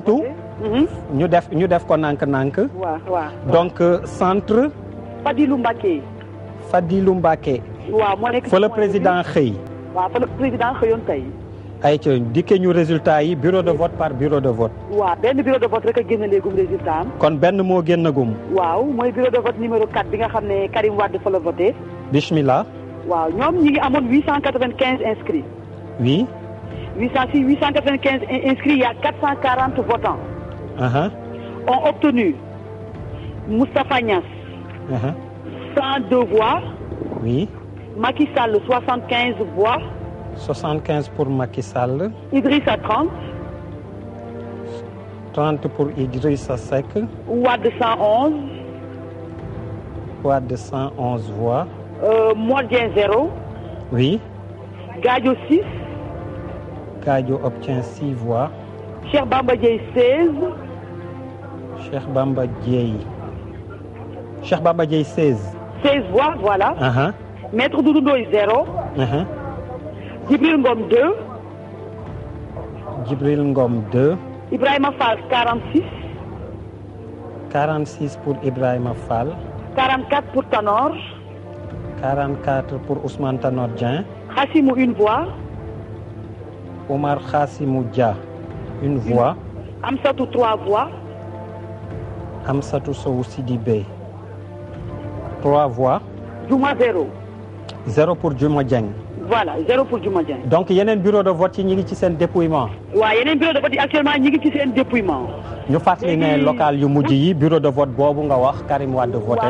tout mhm. ñu def ñu def ko nànk-nànk. donc centre. Fadilou Mbacké. Fadilou Mbacké. waaw moo nekk fa la président xëy. waaw fa la président xëyoon tey. ay ca ñu résultat yi bureau de vote par bureau de vote. waaw benn bureau de vote rek a génne léegum résultat am. kon benn moo génnagum. waaw mooy bureau de vote numéro 4 bi nga xam ne Karim Wade fa la voté. bismillah. waaw ñoom ñi ngi amoon 895 inscrits. oui. 800, si y a 440 votants. Uh obtenu Moustapha Nias, uh -huh. 102 voix. Oui. Macky Sall, 75 voix. 75 pour Macky Sall. Idrissa, 30. pour Idrissa Kadio obtient 6 voix. Cher Bamba 16. Cher Bamba Cher Bamba 16. 16 voix, voilà. Uh -huh. Maître Doudou 0. Uh -huh. Djibril Ngom 2. Djibril Ngom 2. Ibrahima Fall 46. 46 pour Ibrahima Fall. 44 Tanor. 44 pour Ousmane une voix. Omar Khassimou Dia une voix. Amsatou trois voix. Amsatou Sow Sidibé trois voix. Djouma zéro. zéro pour Djouma Diagne. voilà zéro pour Djouma Diagne. donc yeneen bureau de vote yi ñu ngi ci seen dépouillement. waaw yeneen bureau de vote yi actuellement ñu ngi ci seen dépouillement. ñu fàttali ne local yu mujj yi bureau de vote boobu nga wax Karim Wade voté.